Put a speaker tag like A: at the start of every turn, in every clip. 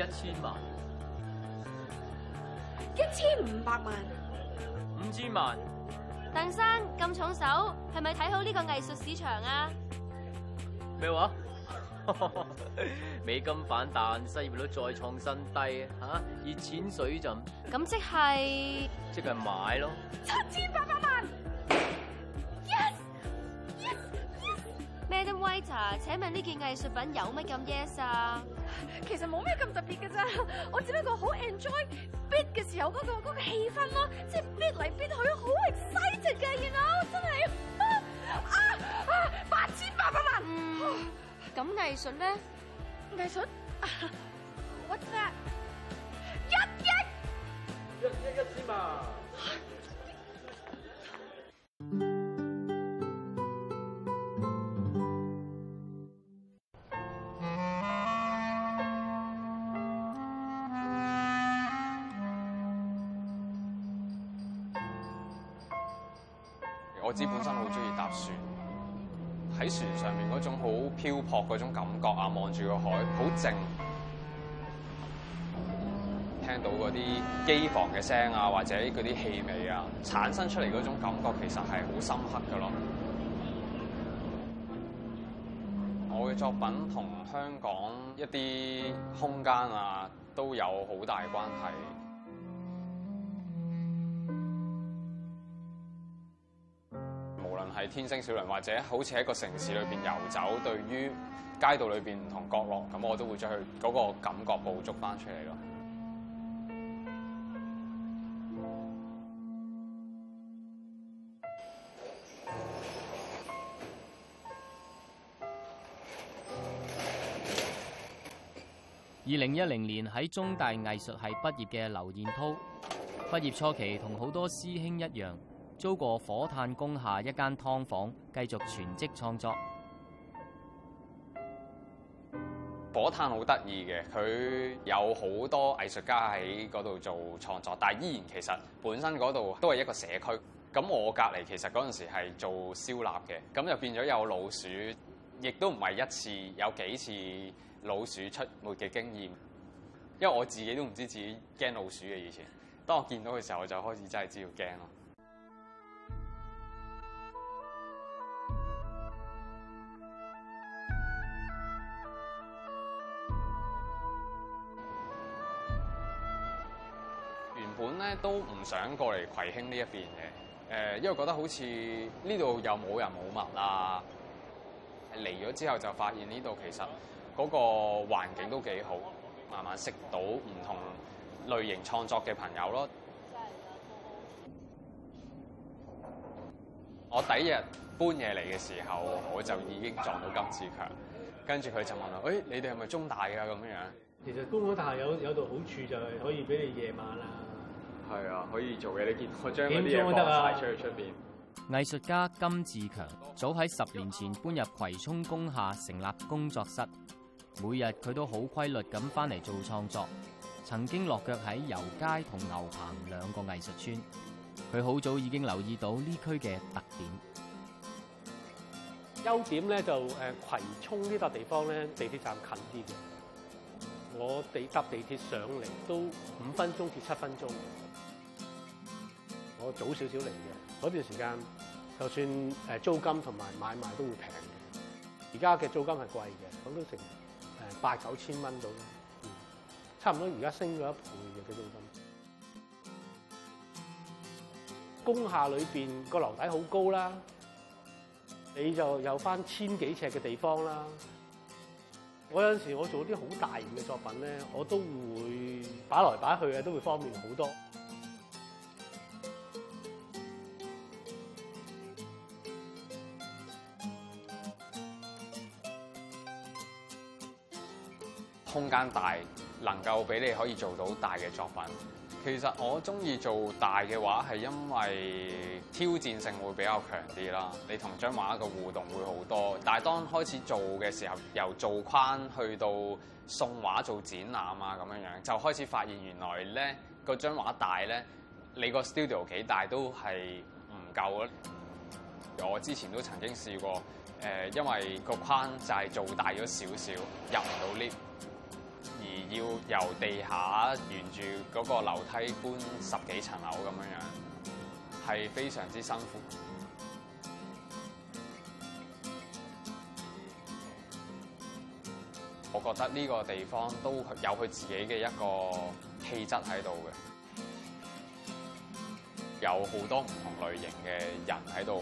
A: 一千萬，一千五百萬，五千萬。
B: 鄧生咁重手，係咪睇好呢個藝術市場啊？
A: 咩話什麼？ 美金反彈，失業率再創新低，吓，熱錢水浸。咁即係，即係買咯。七千八百萬。Yes, yes!。Yes! Madam Waiter，請問呢件藝術品有乜咁 Yes 啊？其實冇咩咁特別嘅啫，我只不過好 enjoy bid 嘅時候嗰個嗰個氣氛咯，即係 bid 嚟 bid 去好 excited 嘅，然後 you know? 真係啊啊啊八千八百萬，咁藝術咧，藝術
C: what's that？
B: 我知本身好中意搭船，喺船上面嗰種好漂泊嗰種感覺啊，望住個海好靜，聽到嗰啲機房嘅聲啊，或者嗰啲氣味啊，產生出嚟嗰種感覺其實係好深刻㗎咯。我嘅作品同香港一啲空間啊都有好大關係。係天星小輪，或者好似喺個城市裏邊遊走，對於街道裏邊唔同角落，咁我都會將佢嗰個感覺捕捉翻出嚟咯。
A: 二零一零年喺中大藝術系畢業嘅劉彥韜，畢業初期同好多師兄一樣。租過火炭工廈一間劏房，繼續全職創作。
B: 火炭好得意嘅，佢有好多藝術家喺嗰度做創作，但係依然其實本身嗰度都係一個社區。咁我隔離其實嗰陣時係做燒臘嘅，咁就變咗有老鼠，亦都唔係一次有幾次老鼠出沒嘅經驗。因為我自己都唔知自己驚老鼠嘅以前，當我見到嘅時候，我就開始真係知道驚咯。咧都唔想過嚟葵興呢一邊嘅，誒，因為覺得好似呢度又冇人冇物啊。嚟咗之後就發現呢度其實嗰個環境都幾好，慢慢識到唔同類型創作嘅朋友咯。我第一日搬嘢嚟嘅時候，我就已經撞到甘志強，跟住佢就問我，誒、哎，你哋係咪中大㗎咁樣？其實高安大有有道好處就係可以俾你夜晚啊。係啊，可以做嘅。你見我將啲嘢攞曬出去出邊。
A: 藝術家甘志強早喺十年前搬入葵涌工廈成立工作室，每日佢都好規律咁返嚟做創作。曾經落腳喺油街同牛棚兩個藝術村，佢好早已經留意到呢區嘅特點。
B: 優點咧，就誒，葵涌呢笪地方咧，地鐵站近啲嘅，我地搭地鐵上嚟都五分鐘至七分鐘。我早少少嚟嘅，嗰段時間就算租金同埋買賣都會平嘅。而家嘅租金係貴嘅，咁都成誒八九千蚊到啦，差唔多而家升咗一倍嘅租金。工廈裏面個樓底好高啦，你就有翻千幾尺嘅地方啦。我有陣時我做啲好大型嘅作品咧，我都會擺來擺去嘅，都會方便好多。間大能夠俾你可以做到大嘅作品，其實我中意做大嘅話係因為挑戰性會比較強啲啦。你同張畫個互動會好多，但係當開始做嘅時候，由做框去到送畫做展覽啊，咁樣樣就開始發現原來咧個張畫大咧，你個 studio 幾大都係唔夠咯。我之前都曾經試過，誒、呃，因為個框就係做大咗少少，入唔到升降機。要由地下沿住嗰個樓梯搬十幾層樓咁樣樣，係非常之辛苦。我覺得呢個地方都有佢自己嘅一個氣質喺度嘅，有好多唔同類型嘅人喺度。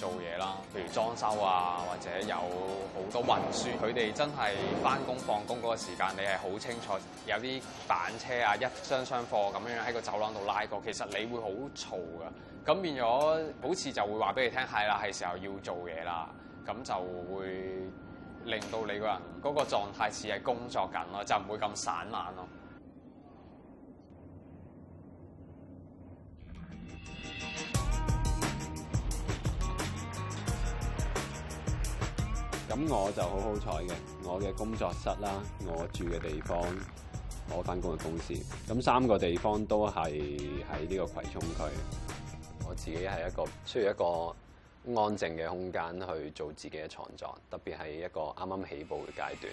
B: 做嘢啦，譬如裝修啊，或者有好多運輸，佢哋真係翻工放工嗰個時間，你係好清楚有啲板車啊，一箱箱貨咁樣喺個走廊度拉過，其實你會好嘈噶，咁變咗好似就會話俾你聽，係啦，係時候要做嘢啦，咁就會令到你個人嗰個狀態似係工作緊咯，就唔會咁散漫咯。
C: 咁我就好好彩嘅，我嘅工作室啦，我住嘅地方，我翻工嘅公司，咁三個地方都係喺呢個葵涌區。我自己係一個需要一個安靜嘅空間去做自己嘅創作，特別係一個啱啱起步嘅階段。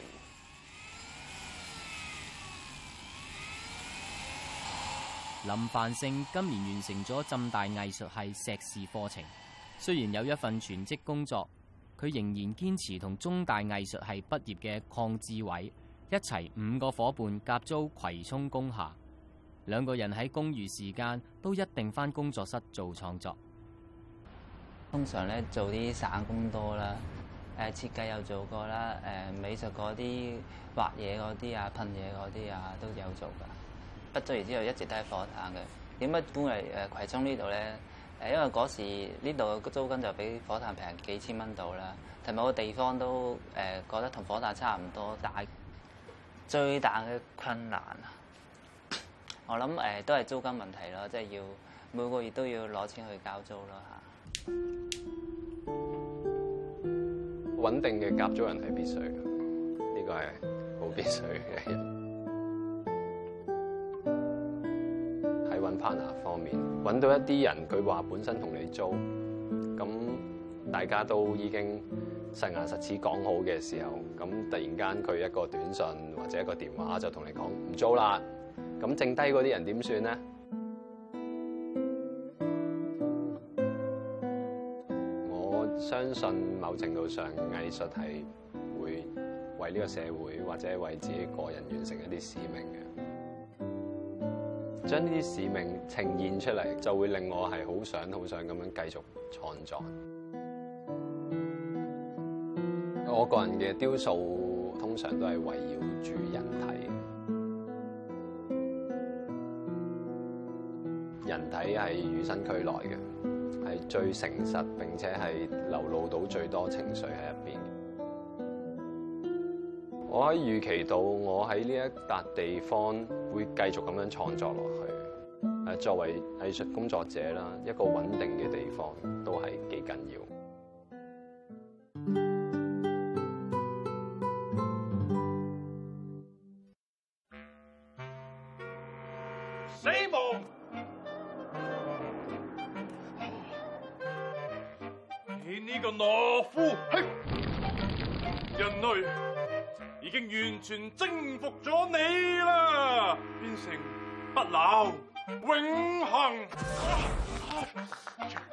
A: 林繁盛今年完成咗浸大藝術系碩士課程，雖然有一份全職工作。佢仍然堅持同中大藝術系畢業嘅鄺志緯一齊，五個伙伴夾租葵涌工廈。兩個人喺公餘時間都一定返工作室做創作。通常咧做啲散工多啦，誒設計又做過啦，誒、呃、美術嗰啲畫嘢嗰啲啊、噴嘢嗰啲啊都有做㗎。畢咗業之後一直都喺火炭嘅。點解搬嚟誒葵涌呢度咧？誒，因為嗰時呢度嘅租金就比火炭平幾千蚊到啦，同埋個地方都誒、呃、覺得同火炭差唔多大，但最大嘅困難啊，我諗誒、呃、都係租金問題咯，即係要每個月都要
C: 攞錢去交租啦嚇。啊、穩定嘅夾租人係必須嘅，呢、呢個係好必須嘅。喺揾 partner 方面。揾到一啲人，佢話本身同你租，咁大家都已經實牙實齒講好嘅時候，咁突然間佢一個短信或者一個電話就同你講唔租啦，咁剩低嗰啲人點算咧？我相信某程度上藝術係會為呢個社會或者為自己個人完成一啲使命嘅。將呢啲使命呈現出嚟，就會令我係好想、好想咁樣繼續創作。我個人嘅雕塑通常都係圍繞住人體嘅，人體係與生俱來嘅，係最誠實並且係流露到最多情緒喺入邊。我可以預期到我喺呢一笪地方，會繼續咁樣創作落去。誒，作為藝術工作者啦，一個穩定嘅地方都係幾緊要。
A: 死亡！你呢個懦夫！嘿，人類已經完全征服咗。不朽，永恆。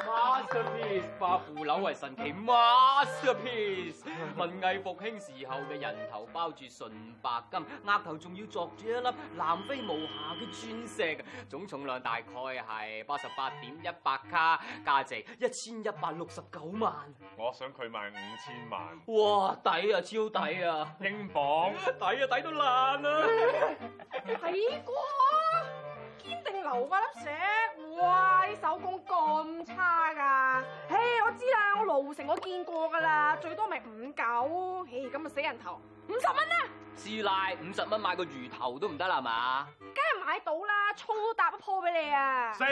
A: Masterpiece，化腐朽為神奇，Masterpiece， 文藝復興時候嘅人頭包住純白金，額頭仲要作住一粒南非無瑕嘅鑽石，總重量大概係八十八點一百卡，價值一千一百六十九萬。我想佢賣五千萬。哇，抵 鎊啊，超抵啊，英鎊，抵啊，抵到爛啦，睇
C: 過。定留塊粒石，哇！啲手工咁差噶？嘿，我知啦，我羅湖城我見過噶啦，最多咪五
A: 嚿，嘿，咁啊死人頭，五十蚊啦，師奶，五十蚊買個魚頭都唔得啦嘛？梗係買到啦，蔥都搭一樖俾你啊，死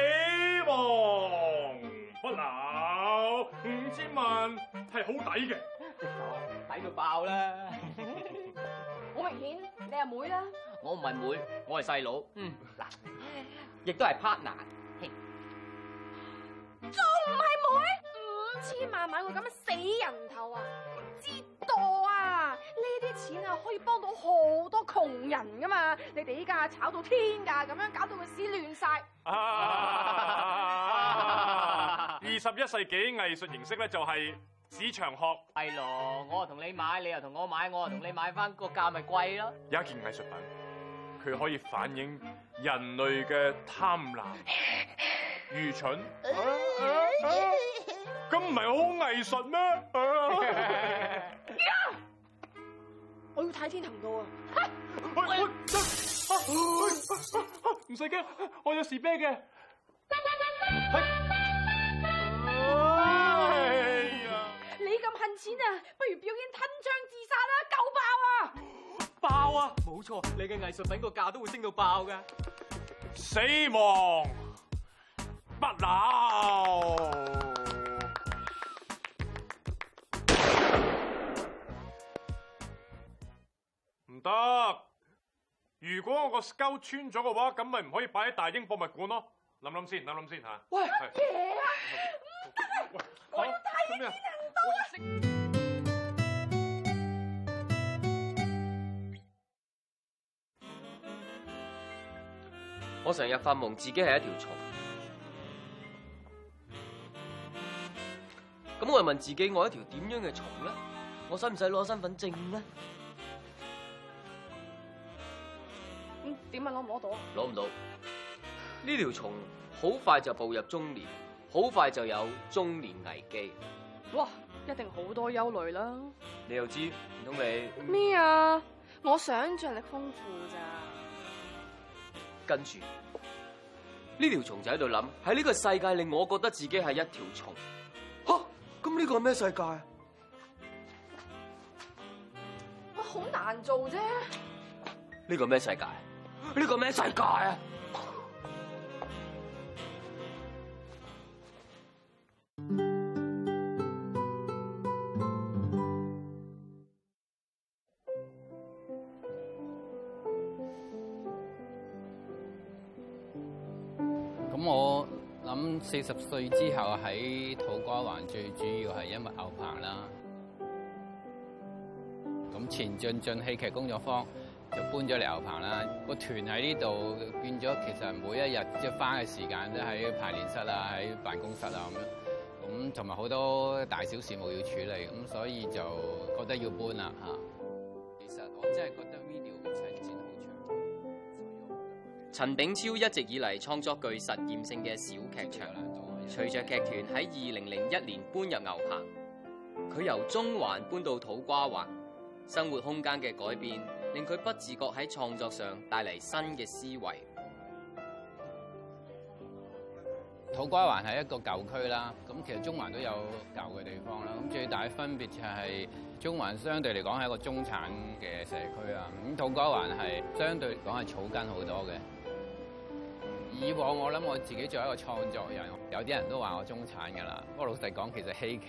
A: 亡不老，五千萬係好抵嘅，
C: 抵到爆啦，好明顯，你阿妹啦。
A: 我唔係妹，我係細佬。嗯，嗱，亦都係 partner。仲唔係妹？五千萬買個咁樣死人頭啊！折墮啊！呢啲錢啊可以幫到好多窮人噶嘛！你哋依家炒到天價，咁樣搞到個市亂晒。啊啊啊
B: 啊、二十一世紀藝術形式咧，就係市場學。
A: 係咯，我又同你買，你又同我買，我又同你買翻個價咪貴咯。有
B: 一件藝術品。佢可以反映人類嘅貪婪、
A: 愚蠢，啊，
B: 咁唔係好藝術咩？啊
A: 哎？我要睇天行道啊！唔使驚，我有士啤嘅。你咁恨錢啊，不如表演吞爆啊！冇錯，你嘅藝術品個價都會升到爆噶。死亡不老，
B: 唔得。如果我個鈎穿咗嘅話，咁咪唔可以擺喺大英博物館咯。諗諗先，諗諗先吓。喂，喂！
A: 喂！要啊？麼我要睇啲人多啊！我成日發夢自己係一條蟲，咁我又問自己我條，我一條點樣嘅蟲咧？我使唔使攞身份證咧？咁點啊？攞唔攞到？攞唔到。呢條蟲好快就步入中年，好快就有中年危機。哇！一定好多憂慮啦。道你又知唔通你咩啊？我想象力豐富咋？跟住呢條蟲仔喺度諗，喺呢個世界令我覺得自己係一條蟲，啊。吓、啊，咁呢個係咩世界？哇，好難做啫！呢個咩世界？呢個咩世界啊？
D: 十歲之後喺土瓜灣，最主要係因為牛棚啦。咁前進進戲劇工作坊就搬咗嚟牛棚啦。個團喺呢度變咗，其實每一日即係翻嘅時間都喺排練室啊，喺辦公室啊咁樣。咁同埋好多大小事務要處理，咁所以就覺得要搬啦吓。其實我真係覺得 video 唔使剪好長。
A: 陳炳釗一直以嚟創作具實驗性嘅小劇場啦。隨着劇團喺二零零一年搬入牛棚，佢由中環搬到土瓜環，生活空間嘅改變令佢不自覺喺創作上帶嚟新嘅思維。
D: 土瓜灣係一個舊區啦，咁其實中環都有舊嘅地方啦。咁最大分別就係中環相對嚟講係一個中產嘅社區啊，咁土瓜灣係相對嚟講係草根好多嘅。以往我諗我自己作為一個創作人，有啲人都話我中產㗎啦。不過老實講，其實戲劇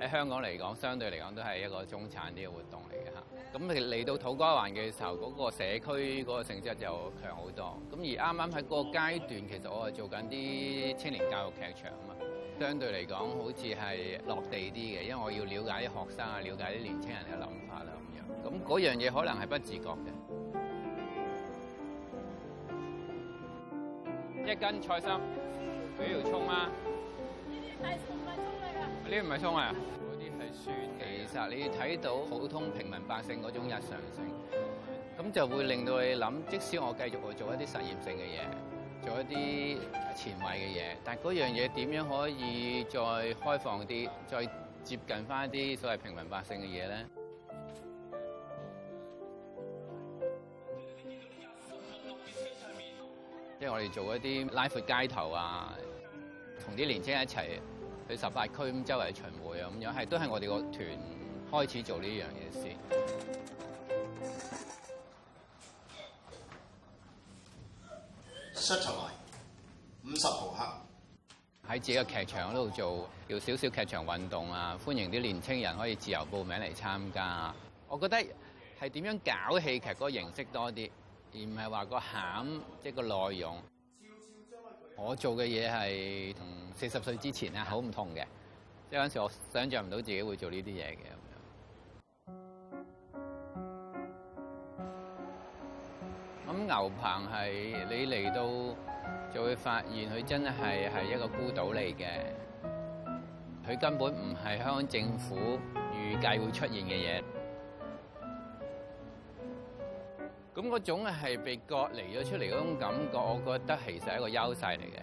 D: 喺香港嚟講，相對嚟講都係一個中產啲嘅活動嚟嘅嚇。咁嚟嚟到土瓜灣嘅時候，嗰個社區嗰個性質就強好多。咁而啱啱喺嗰個階段，其實我係做緊啲青年教育劇場啊嘛。相對嚟講，好似係落地啲嘅，因為我要了解啲學生啊，了解啲年青人嘅諗法啦咁樣。咁嗰樣嘢可能係不自覺嘅。一斤菜心，幾條葱啊？呢啲係葱唔係葱嚟㗎？呢啲唔係葱啊？嗰啲係蒜。其實你睇到普通平民百姓嗰種日常性，咁就會令到你諗，即使我繼續去做一啲實驗性嘅嘢，做一啲前衛嘅嘢，但嗰樣嘢點樣可以再開放啲，再接近返一啲所謂平民百姓嘅嘢咧？即係我哋做一啲拉闊街頭啊，同啲年青人一齊去十八區咁周圍巡迴啊，咁樣係都係我哋個團開始做呢樣嘢先。失
B: 場來五十毫克。
D: 喺自己個劇場嗰度做，叫少少劇場運動啊，歡迎啲年青人可以自由報名嚟參加。我覺得係點樣搞戲劇個形式多啲。而唔係話個餡即係個內容。我做嘅嘢係同四十歲之前啊好唔同嘅，即係嗰陣時我想像唔到自己會做呢啲嘢嘅。咁牛棚係你嚟到就會發現佢真係係一個孤島嚟嘅，佢根本唔係香港政府預計會出現嘅嘢。咁嗰種係被割離咗出嚟嗰種感覺，我覺得其實係一個優勢嚟嘅，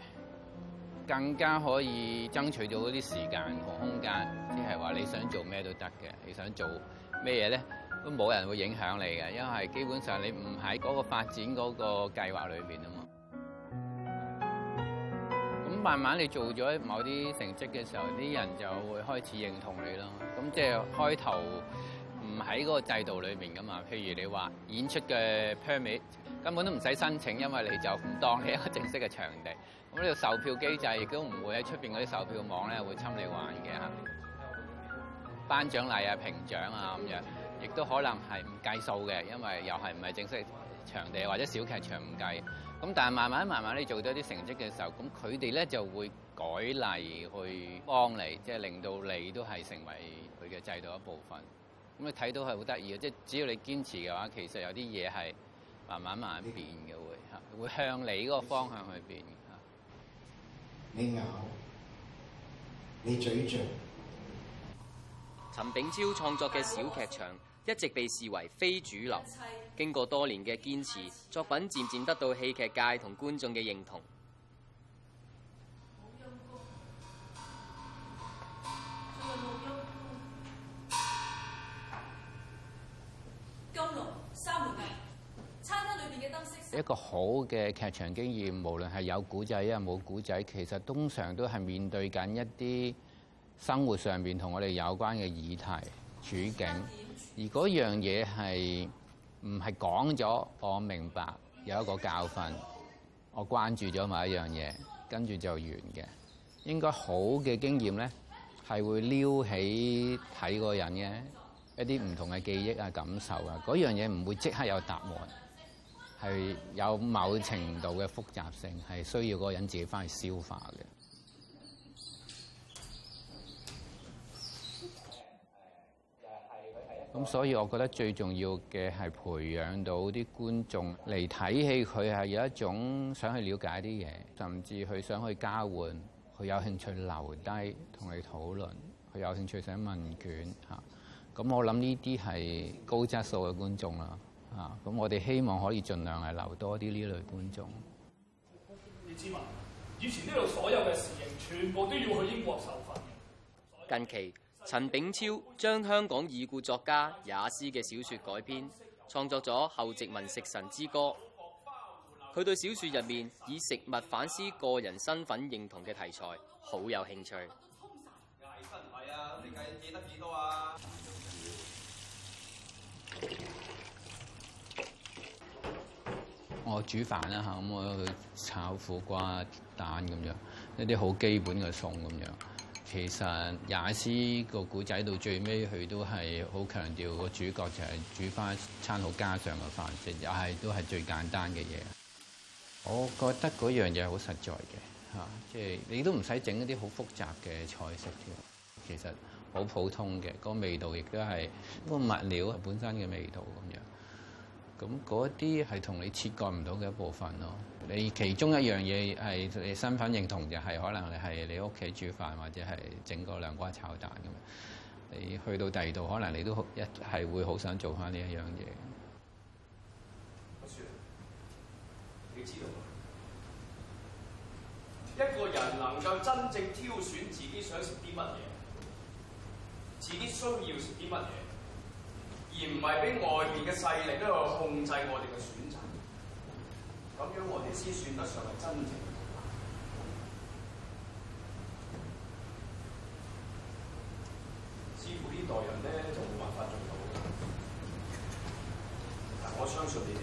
D: 更加可以爭取到嗰啲時間同空間，即係話你想做咩都得嘅，你想做咩嘢咧，都冇人會影響你嘅，因為基本上你唔喺嗰個發展嗰個計劃裏邊啊嘛。咁慢慢你做咗某啲成績嘅時候，啲人就會開始認同你囉。咁即係開頭。唔喺嗰個制度裏面噶嘛？譬如你話演出嘅 permit 根本都唔使申請，因為你就唔當起一個正式嘅場地。咁呢個售票機制亦都唔會喺出邊嗰啲售票網咧會侵你玩嘅嚇。頒獎禮啊、評獎啊咁樣，亦都可能係唔計數嘅，因為又係唔係正式場地或者小劇場唔計。咁但係慢慢慢慢你做多啲成績嘅時候，咁佢哋咧就會改例去幫你，即係令到你都係成為佢嘅制度一部分。咁你睇到係好得意嘅，即係只要你堅持嘅話，其實有啲嘢係慢慢慢慢變嘅，會嚇，會向你嗰個方向去變嘅嚇。你咬，你嘴嚼。陳炳釗創作嘅小劇
A: 場一直被視為非主流，經過多年嘅堅持，作品漸漸得到戲劇界同觀眾嘅認同。一
D: 個好嘅劇場經驗，無論係有古仔因為冇古仔，其實通常都係面對緊一啲生活上邊同我哋有關嘅議題、處境。而嗰樣嘢係唔係講咗？我明白有一個教訓，我關注咗某一樣嘢，跟住就完嘅。應該好嘅經驗咧，係會撩起睇個人嘅一啲唔同嘅記憶啊、感受啊。嗰樣嘢唔會即刻有答案。係有某程度嘅複雜性，係需要嗰個人自己翻去消化嘅。咁所以，我覺得最重要嘅係培養到啲觀眾嚟睇戲，佢係有一種想去了解啲嘢，甚至佢想去交換，佢有興趣留低同你討論，佢有興趣想問卷嚇。咁我諗呢啲係高質素嘅觀眾啦。啊！咁我哋希望可以盡量係留多啲呢類觀眾。
C: 你知嘛？以前呢度所有嘅死刑全部都要去英國受訓。
A: 近期，陳炳釗將香港已故作家也斯嘅小說改編，創作咗《後殖民食神之歌》。佢對小說入面以食物反思個人身份認同嘅題材好有興
D: 趣。我煮飯啦嚇，咁我炒苦瓜蛋咁樣，一啲好基本嘅餸咁樣。其實也斯個古仔到最尾，佢都係好強調個主角就係煮翻一餐好家常嘅飯食，又係都係最簡單嘅嘢。我覺得嗰樣嘢好實在嘅嚇，即係你都唔使整一啲好複雜嘅菜式添，其實好普通嘅，個味道亦都係嗰個物料本身嘅味道咁樣。咁嗰啲係同你切割唔到嘅一部分咯。你其中一樣嘢係你身份認同，就係可能你係你屋企煮飯，或者係整個涼瓜炒蛋咁樣。你去到第二度，可能你都一係會好想做翻呢一樣嘢。你知道嗎？一個人能夠真
C: 正挑
B: 選自己想食啲乜嘢，自己需要食啲乜嘢，而唔係俾外面嘅勢力喺度
C: 控制我哋嘅選擇，咁樣我哋先算得上係真正嘅文化。師傅呢代人咧就冇辦法做到，但係我相信你哋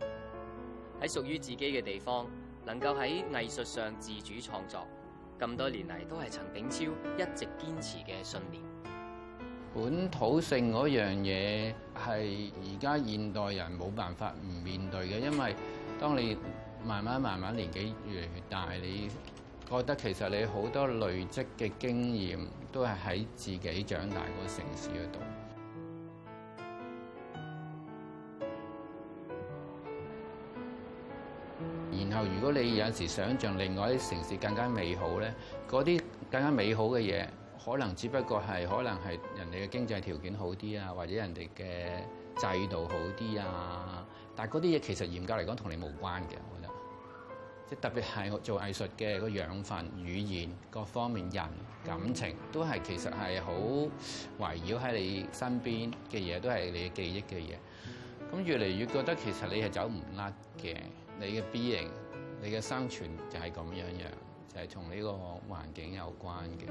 C: 可
A: 以。喺屬於自己嘅地方，能夠喺藝術上自主創作，咁多年嚟都係陳炳釗一直堅持嘅信念。
D: 本土性嗰樣嘢係而家現代人冇辦法唔面對嘅，因為當你慢慢慢慢年紀越嚟越大，你覺得其實你好多累積嘅經驗都係喺自己長大嗰個城市嗰度。然後如果你有時想象另外啲城市更加美好咧，嗰啲更加美好嘅嘢。可能只不過係，可能係人哋嘅經濟條件好啲啊，或者人哋嘅制度好啲啊。但係嗰啲嘢其實嚴格嚟講同你冇關嘅，我覺得即係特別係做藝術嘅，嗰個養分、語言各方面、人感情都係其實係好圍繞喺你身邊嘅嘢，都係你嘅記憶嘅嘢。咁越嚟越覺得其實你係走唔甩嘅，你嘅 being，你嘅生存就係咁樣樣，就係同呢個環境有關嘅。